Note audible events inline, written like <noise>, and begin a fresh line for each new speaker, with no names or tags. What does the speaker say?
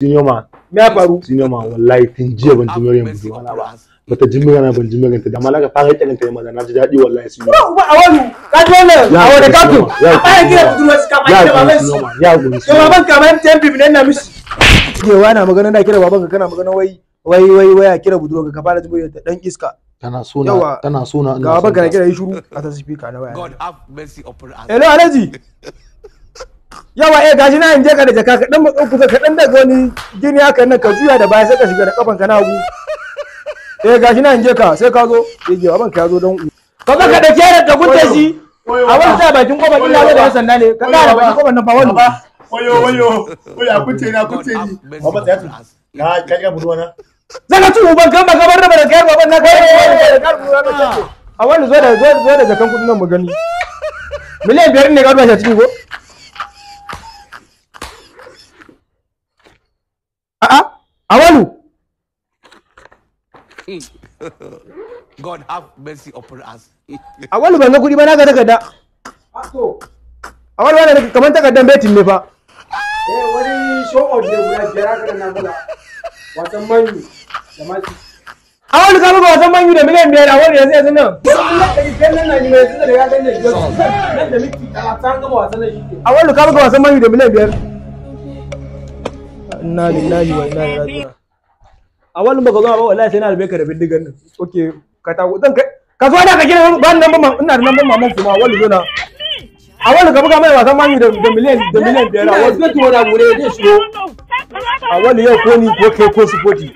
Senior man. Me ya faru? Senior man wallahi tun jiya ban ji muryar budu ana ba. Bata ji muryar na ban ji muryar ta da ka fara kiran ta maza na ji daɗi wallahi senior. Ko ba a wani ka ji wannan a wani kafin a fara kira budu wasu kamar da baban su. Ya gudu. Ko baban kamar tempi ne na mishi. Kewa na magana na kira baban ka kana magana wai wai wai wai a kira budu ka fara ji muryar ta dan iska. Tana sona tana sona ina. Ga baban ka kira yi shuru, a ta speaker na waya. God have mercy upon us. Hello Alhaji. <laughs> yawa eh gaji na inje je ka da jaka ka dan mu dauku ka dan daga wani gini haka nan ka juya da baya sai ka shiga da kafan ka na hagu eh gaji na inje je ka sai ka zo eh je aban ka zo dan ka ga ka dake da gunta shi a wani sai bakin kofa illa zai da sanda ne ka ga bakin kofa nan ba wani wayo wayo wayo a kuce na kuce ni ba ba tu ka ka ga budona zaka tu ban gamba baka bar da bar kayar baban na kai eh, eh, eh, a wani zo da zo da jakan kudin nan mu gani miliyan biyar ne ka duba shi a ciki ko Awalu. <laughs> God have mercy upon us. <laughs> Awalu ban ga kuɗi ba na ga takarda. Awalu ba na kamar takardan betin ne fa. Eh wani show of the guda jira haka nan kula. Wasan manyu Awalu ka ba wasan manyu da miliyan biyar awalu yanzu yanzu nan. Awalu ka ba wasan manyu da miliyan biyar. inna lillahi wa inna ilaihi raji'un a wannan baka zo ba wallahi sai na albe ka da bindigan nan okay ka ka zo da ka gina ba nan ba ina da nan ba kuma zo na a ka buga mai wasan mani da miliyan da miliyan biyar a zai tuwo gure zai shigo a yau ko ni ko kai ko su